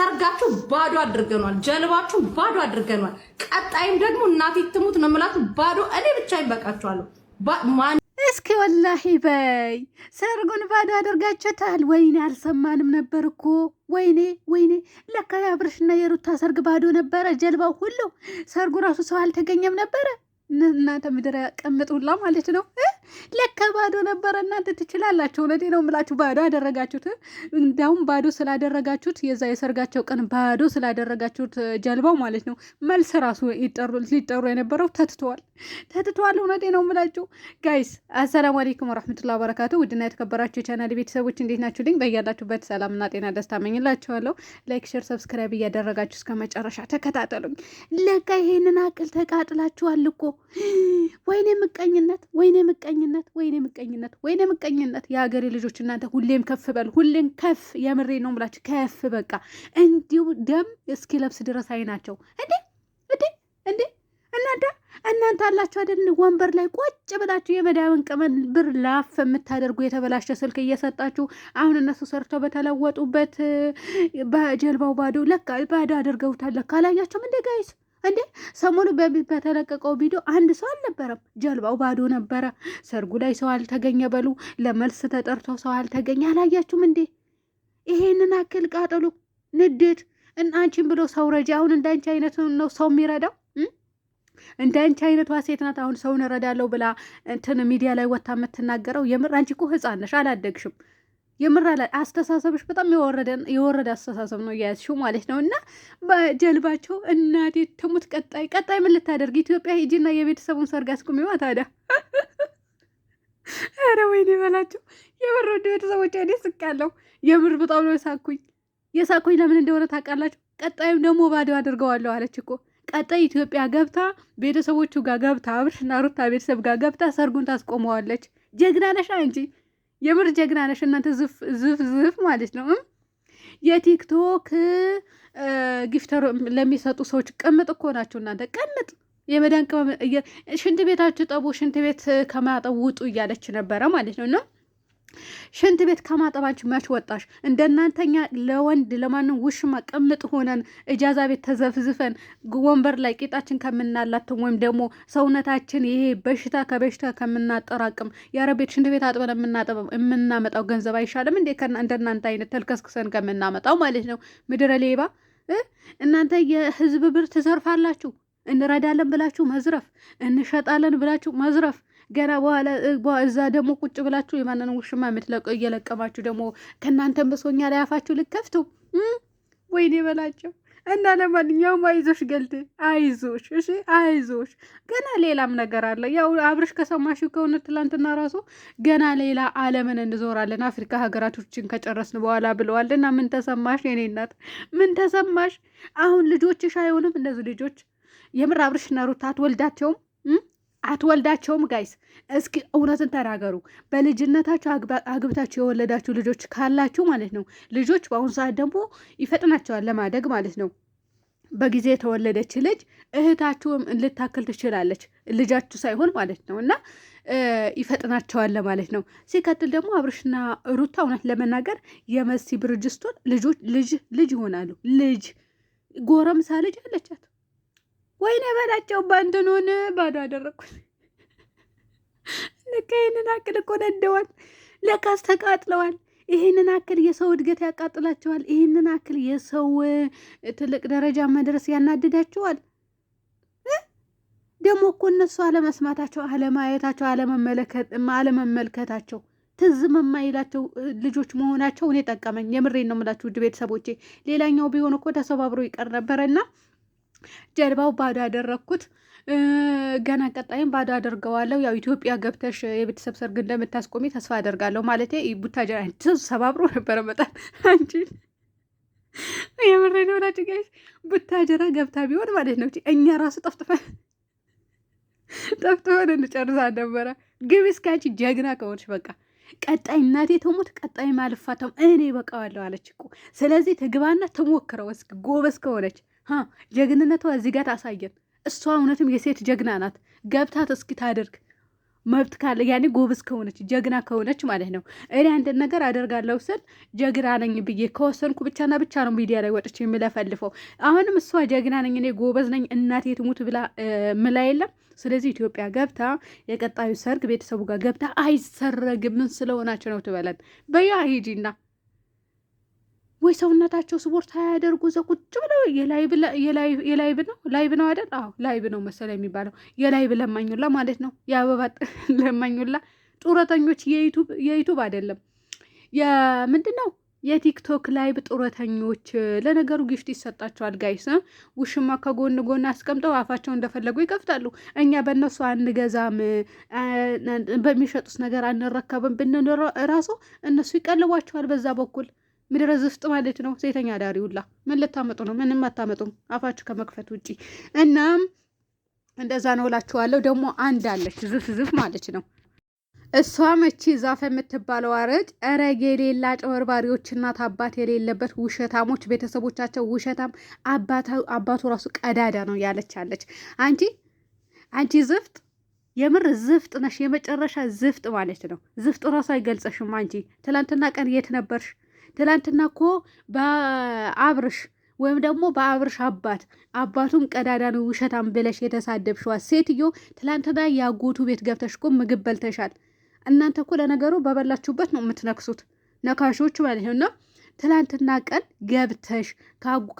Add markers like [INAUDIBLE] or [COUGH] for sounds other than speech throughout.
ሰርጋችሁ ባዶ አድርገኗል። ጀልባችሁ ባዶ አድርገኗል። ቀጣይም ደግሞ እናቴ ትሙት ነው የምላችሁ። ባዶ እኔ ብቻ ይበቃችኋለሁ። እስኪ ወላሂ በይ ሰርጉን ባዶ አድርጋችሁታል። ወይኔ አልሰማንም ነበር እኮ ወይኔ ወይኔ፣ ለካ የአብርሽና የሩታ ሰርግ ባዶ ነበረ። ጀልባው ሁሉ ሰርጉ ራሱ ሰው አልተገኘም ነበረ። እናንተ ምድር ያቀምጡላ ማለት ነው። ለካ ባዶ ነበረ። እናንተ ትችላላችሁ። እውነቴ ነው የምላችሁ። ባዶ አደረጋችሁት። እንዲያውም ባዶ ስላደረጋችሁት የዛ የሰርጋቸው ቀን ባዶ ስላደረጋችሁት ጀልባው ማለት ነው መልስ ራሱ ሊጠሩ የነበረው ተትተዋል። ተትቷል። እውነቴ ነው የምላችሁ ጋይስ። አሰላሙ አሌይኩም ወራህመቱላ በረካቱ። ውድና የተከበራችሁ የቻናል ቤተሰቦች እንዴት ናችሁ? ልኝ በያላችሁበት ሰላምና ጤና ደስታ መኝላችኋለሁ። ላይክ፣ ሼር፣ ሰብስክራይብ እያደረጋችሁ እስከ መጨረሻ ተከታተሉኝ። ለጋ ይሄንን አቅል ተቃጥላችኋል እኮ ወይኔ ምቀኝነት፣ ወይኔ ምቀኝነት፣ ወይኔ ምቀኝነት፣ ወይኔ ምቀኝነት። የሀገሬ ልጆች እናንተ ሁሌም ከፍ በሉ፣ ሁሌም ከፍ። የምሬ ነው የምላችሁ ከፍ በቃ እንዲሁ ደም ለብስ ድረስ አይናቸው እንዴ እንዴ እንዴ እናንተ እናንተ አላችሁ አይደል ወንበር ላይ ቆጭ ብላችሁ የመዳብን ቅመን ብር ላፍ የምታደርጉ የተበላሸ ስልክ እየሰጣችሁ አሁን እነሱ ሰርተው በተለወጡበት በጀልባው ባዶ ለካ ባዶ አድርገውታል። ለካ አላያቸውም እንዴ ጋይስ እንዴ ሰሞኑ በተለቀቀው ቪዲዮ አንድ ሰው አልነበረም። ጀልባው ባዶ ነበረ። ሰርጉ ላይ ሰው አልተገኘ፣ በሉ ለመልስ ተጠርቶ ሰው አልተገኘ። አላያችሁም እንዴ? ይሄንን አክል ቃጠሎ፣ ንዴት አንቺን ብሎ ሰው ረጃ። አሁን እንዳንቺ አይነት ነው ሰው የሚረዳው እንደ አንቺ አይነቷ ሴት ናት አሁን ሰውን እረዳለሁ ብላ እንትን ሚዲያ ላይ ወታ የምትናገረው። የምር አንቺ እኮ ህፃን ነሽ፣ አላደግሽም። የምር አስተሳሰብሽ በጣም የወረደ አስተሳሰብ ነው እያያዝሽው ማለት ነው። እና በጀልባቸው እናቴ ትሙት። ቀጣይ ቀጣይ ምን ልታደርግ ኢትዮጵያ ሂጂና የቤተሰቡን ሰርግ አስቁሚዋ ታዲያ። [LAUGHS] ኧረ ወይኔ በላቸው። የምር ወደ ቤተሰቦች እኔ ስቃለሁ። የምር በጣም ነው የሳኩኝ። የሳኩኝ ለምን እንደሆነ ታውቃላችሁ? ቀጣይም ደግሞ ባዶ አድርገዋለሁ አለች እኮ ቀጣይ ኢትዮጵያ ገብታ ቤተሰቦቹ ጋር ገብታ አብርሽና ሩታ ቤተሰብ ጋር ገብታ ሰርጉን ታስቆመዋለች። ጀግና ነሽ አንቺ፣ የምር ጀግና ነሽ እናንተ ዝፍ ዝፍ ማለት ነው። የቲክቶክ ጊፍተር ለሚሰጡ ሰዎች ቅምጥ እኮ ናቸው እናንተ ቅምጥ። የመዳን ቅመም ሽንት ቤታችሁ ጠቡ፣ ሽንት ቤት ከማጠብ ውጡ እያለች ነበረ ማለት ነው እና ሽንት ቤት ከማጠባችሁ መች ወጣሽ? እንደናንተኛ ለወንድ ለማንም ውሽማ ቅምጥ ሆነን እጃዛ ቤት ተዘፍዝፈን ወንበር ላይ ቂጣችን ከምናላትም ወይም ደግሞ ሰውነታችን ይሄ በሽታ ከበሽታ ከምናጠራቅም የአረብ ቤት ሽንት ቤት አጥበን የምናመጣው ገንዘብ አይሻልም እንዴ? እንደናንተ አይነት ተልከስክሰን ከምናመጣው ማለት ነው። ምድረ ሌባ እናንተ የህዝብ ብር ትዘርፋላችሁ። እንረዳለን ብላችሁ መዝረፍ፣ እንሸጣለን ብላችሁ መዝረፍ ገና በኋላ እዛ ደግሞ ቁጭ ብላችሁ የማንን ውሽማ የምትለቀው እየለቀማችሁ ደግሞ ከእናንተን ብሶኛ ላይ አፋችሁ ልከፍቱ። ወይኔ በላቸው እና ለማንኛውም አይዞሽ ገልቴ አይዞሽ፣ እሺ አይዞሽ። ገና ሌላም ነገር አለ። ያው አብርሽ ከሰማሽ ከሆነ ትላንትና ራሱ ገና ሌላ ዓለምን እንዞራለን አፍሪካ ሀገራቶችን ከጨረስን በኋላ ብለዋል። እና ምን ተሰማሽ የኔ እናት? ምን ተሰማሽ? አሁን ልጆችሽ አይሆንም? እነዚህ ልጆች የምር አብርሽና ወልዳቸውም አትወልዳቸውም? አትወልዳቸውም ጋይስ፣ እስኪ እውነትን ተናገሩ። በልጅነታችሁ አግብታችሁ የወለዳችሁ ልጆች ካላችሁ ማለት ነው። ልጆች በአሁኑ ሰዓት ደግሞ ይፈጥናቸዋል ለማደግ ማለት ነው። በጊዜ የተወለደች ልጅ እህታችሁም ልታክል ትችላለች፣ ልጃችሁ ሳይሆን ማለት ነው። እና ይፈጥናቸዋል ለማለት ነው። ሲቀጥል ደግሞ አብርሽና ሩታ እውነት ለመናገር የመሲ ብርጅስቶን ልጆች ልጅ ልጅ ይሆናሉ። ልጅ ጎረምሳ ልጅ አለች። ወይኔ በላቸው ባንድኑን ባዶ አደረግኩት። ልክ ይህንን አክል እኮ ነደዋል። ለካስ ተቃጥለዋል። ይህንን አክል የሰው እድገት ያቃጥላቸዋል። ይህንን አክል የሰው ትልቅ ደረጃ መድረስ ያናድዳቸዋል። ደግሞ እኮ እነሱ አለመስማታቸው፣ አለማየታቸው፣ አለመመልከታቸው ትዝ የማይላቸው ልጆች መሆናቸው እኔ ጠቀመኝ። የምሬን ነው የምላችሁ ውድ ቤተሰቦቼ። ሌላኛው ቢሆን እኮ ተሰባብሮ ይቀር ነበረና ጀልባው ባዶ ያደረግኩት ገና ቀጣይም ባዶ አደርገዋለሁ። ያው ኢትዮጵያ ገብተሽ የቤተሰብ ሰርግ እንደምታስቆሚ ተስፋ አደርጋለሁ። ማለት ቡታጀራ ሰባብሮ ነበረ መጣል አንቺ የምሬ የምሬን ሆናችሁ ጋይስ፣ ቡታጀራ ገብታ ቢሆን ማለት ነው እኛ ራሱ ጠፍጥፈን ጠፍጥፈን እንጨርሳ ነበረ። ግብ እስካንቺ ጀግና ከሆንሽ በቃ ቀጣይ እናቴ ተሞት ቀጣይ ማልፋተም እኔ በቃዋለሁ አለች እኮ። ስለዚህ ትግባና ተሞክረው ጎበዝ ከሆነች ጀግንነቷ እዚህ ጋር ታሳየን። እሷ እውነትም የሴት ጀግና ናት። ገብታት እስኪ ታደርግ መብት ካለ ያኔ ጎበዝ ከሆነች ጀግና ከሆነች ማለት ነው። እኔ አንድ ነገር አደርጋለሁ ስል ጀግና ነኝ ብዬ ከወሰንኩ ብቻና ብቻ ነው ሚዲያ ላይ ወጥቼ የምለፈልፈው። አሁንም እሷ ጀግና ነኝ እኔ ጎበዝ ነኝ እናቴ ትሙት ብላ ምላ የለም። ስለዚህ ኢትዮጵያ ገብታ የቀጣዩ ሰርግ ቤተሰቡ ጋር ገብታ አይሰረግም ምን ስለሆናቸው ነው ትበለን በያ ሂጂና ወይ ሰውነታቸው ስፖርት አያደርጉ ዘ ቁጭ ብለው የላይብ ነው ላይብ ነው አይደል? አዎ ላይብ ነው መሰለ የሚባለው የላይብ ለማኙላ ማለት ነው። የአበባ [LAUGHS] ለማኙላ ጡረተኞች የዩቱብ አይደለም የምንድን ነው የቲክቶክ ላይብ ጡረተኞች። ለነገሩ ጊፍት ይሰጣቸዋል ጋይስ። ውሽማ ከጎን ጎን አስቀምጠው አፋቸው እንደፈለጉ ይከፍታሉ። እኛ በእነሱ አንገዛም፣ በሚሸጡት ነገር አንረከብም ብንል ራሱ እነሱ ይቀልቧቸዋል በዛ በኩል ምድረ ዝፍጥ ማለት ነው። ሴተኛ ዳሪ ሁላ ምን ልታመጡ ነው? ምንም አታመጡም አፋችሁ ከመክፈት ውጪ። እናም እንደዛ ነው እላችኋለሁ። ደግሞ አንድ አለች ዝፍ ዝፍ ማለት ነው። እሷ መቺ ዛፍ የምትባለው አረጭ ረግ የሌላ ጨበርባሪዎች እናት አባት የሌለበት ውሸታሞች ቤተሰቦቻቸው ውሸታም አባቱ ራሱ ቀዳዳ ነው ያለች አለች። አንቺ አንቺ ዝፍጥ የምር ዝፍጥ ነሽ፣ የመጨረሻ ዝፍጥ ማለት ነው። ዝፍጥ ራሱ አይገልጸሽም አንቺ። ትላንትና ቀን የት ነበርሽ? ትላንትና እኮ በአብርሽ ወይም ደግሞ በአብርሽ አባት አባቱም ቀዳዳ ነው ውሸታም ብለሽ የተሳደብሽዋት ሴትዮ ትላንትና የአጎቱ ቤት ገብተሽ እኮ ምግብ በልተሻል። እናንተ እኮ ለነገሩ በበላችሁበት ነው የምትነክሱት፣ ነካሾች ማለት ነው። እና ትላንትና ቀን ገብተሽ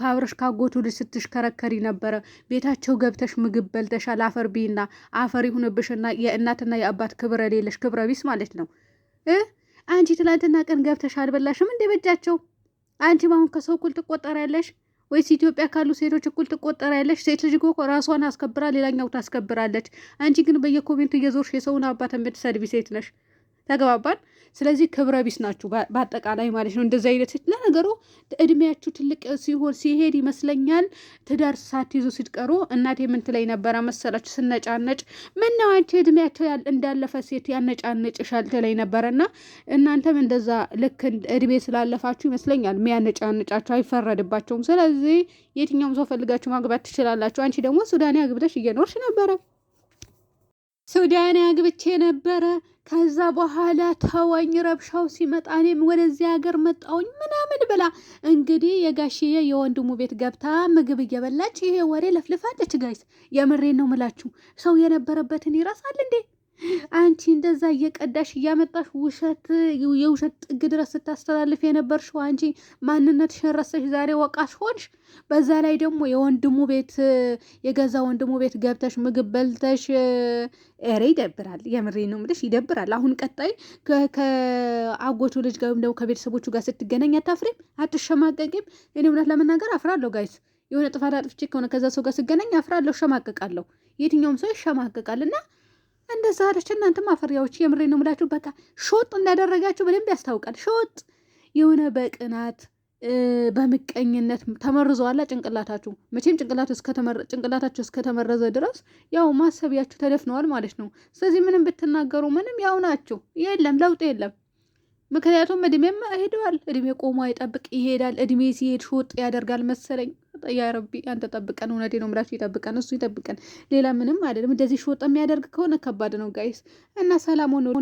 ከአብርሽ ካጎቱ ልጅ ስትሽከረከሪ ነበረ። ቤታቸው ገብተሽ ምግብ በልተሻል። አፈር ቢና አፈር ይሁንብሽና የእናትና የአባት ክብረ ሌለሽ ክብረ ቢስ ማለት ነው። አንቺ ትላንትና ቀን ገብተሽ አልበላሽም እንደ በጃቸው? አንቺ አሁን ከሰው እኩል ትቆጠሪያለሽ ወይስ ኢትዮጵያ ካሉ ሴቶች እኩል ትቆጠሪያለሽ? ሴት ልጅ እኮ ራሷን አስከብራ ሌላኛው ታስከብራለች። አንቺ ግን በየኮሜንቱ እየዞርሽ የሰውን አባት የምትሰድቢ ሴት ነሽ። ተግባባን። ስለዚህ ክብረ ቢስ ናችሁ በአጠቃላይ ማለት ነው። እንደዚህ አይነት ሴት ለነገሩ እድሜያችሁ ትልቅ ሲሆን ሲሄድ ይመስለኛል ትዳር ሳትይዙ ሲትቀሩ እናቴ የምንት ላይ ነበረ መሰላችሁ? ስነጫነጭ ምነው አንቺ እድሜያቸው እንዳለፈ ሴት ያነጫነጭ ላይ ነበረ ነበረና እናንተም እንደዛ ልክ እድሜ ስላለፋችሁ ይመስለኛል የሚያነጫነጫችሁ አይፈረድባቸውም። ስለዚህ የትኛውም ሰው ፈልጋችሁ ማግባት ትችላላችሁ። አንቺ ደግሞ ሱዳኔ አግብተሽ እየኖርሽ ነበረ። ሱዳን አግብቼ ነበረ። ከዛ በኋላ ተወኝ፣ ረብሻው ሲመጣ እኔም ወደዚህ ሀገር መጣውኝ ምናምን ብላ እንግዲህ የጋሽዬ የወንድሙ ቤት ገብታ ምግብ እየበላች ይሄ ወሬ ለፍልፋለች። ጋይስ የምሬን ነው ምላችሁ፣ ሰው የነበረበትን ይረሳል እንዴ? አንቺ እንደዛ እየቀዳሽ እያመጣሽ ውሸት የውሸት ጥግ ድረስ ስታስተላልፍ የነበርሽው አንቺ ማንነትሽን ረሳሽ። ዛሬ ወቃሽ ሆንሽ። በዛ ላይ ደግሞ የወንድሙ ቤት የገዛ ወንድሙ ቤት ገብተሽ ምግብ በልተሽ ኧረ ይደብራል። የምሬ ነው የምልሽ ይደብራል። አሁን ቀጣይ ከአጎቹ ልጅ ጋር ወይም ደግሞ ከቤተሰቦቹ ጋር ስትገናኝ አታፍሪም? አትሸማቀቂም? እኔ እውነት ለመናገር አፍራለሁ ጋይስ የሆነ ጥፋት አጥፍቼ ከሆነ ከዛ ሰው ጋር ስገናኝ አፍራለሁ፣ እሸማቀቃለሁ። የትኛውም ሰው ይሸማቀቃል እና እንደዛ አለች። እናንተ ማፈሪያዎች፣ የምሬ ነው የምላችሁ። በቃ ሾጥ እንዳደረጋችሁ በደንብ ያስታውቃል። ሾጥ የሆነ በቅናት በምቀኝነት ተመርዘዋላ ጭንቅላታችሁ። መቼም ጭንቅላታችሁ እስከተመረዘ ድረስ ያው ማሰቢያችሁ ተደፍነዋል ማለት ነው። ስለዚህ ምንም ብትናገሩ ምንም ያው ናችሁ። የለም ለውጥ የለም። ምክንያቱም እድሜም ሄደዋል። እድሜ ቆሞ አይጠብቅ ይሄዳል። እድሜ ሲሄድ ሾጥ ያደርጋል መሰለኝ። ያረቢ አንተ ጠብቀን። እውነቴ ነው ምላችሁ ይጠብቀን፣ እሱ ይጠብቀን። ሌላ ምንም አይደለም። እንደዚህ ሾጥ የሚያደርግ ከሆነ ከባድ ነው ጋይስ እና ሰላም ሆኖ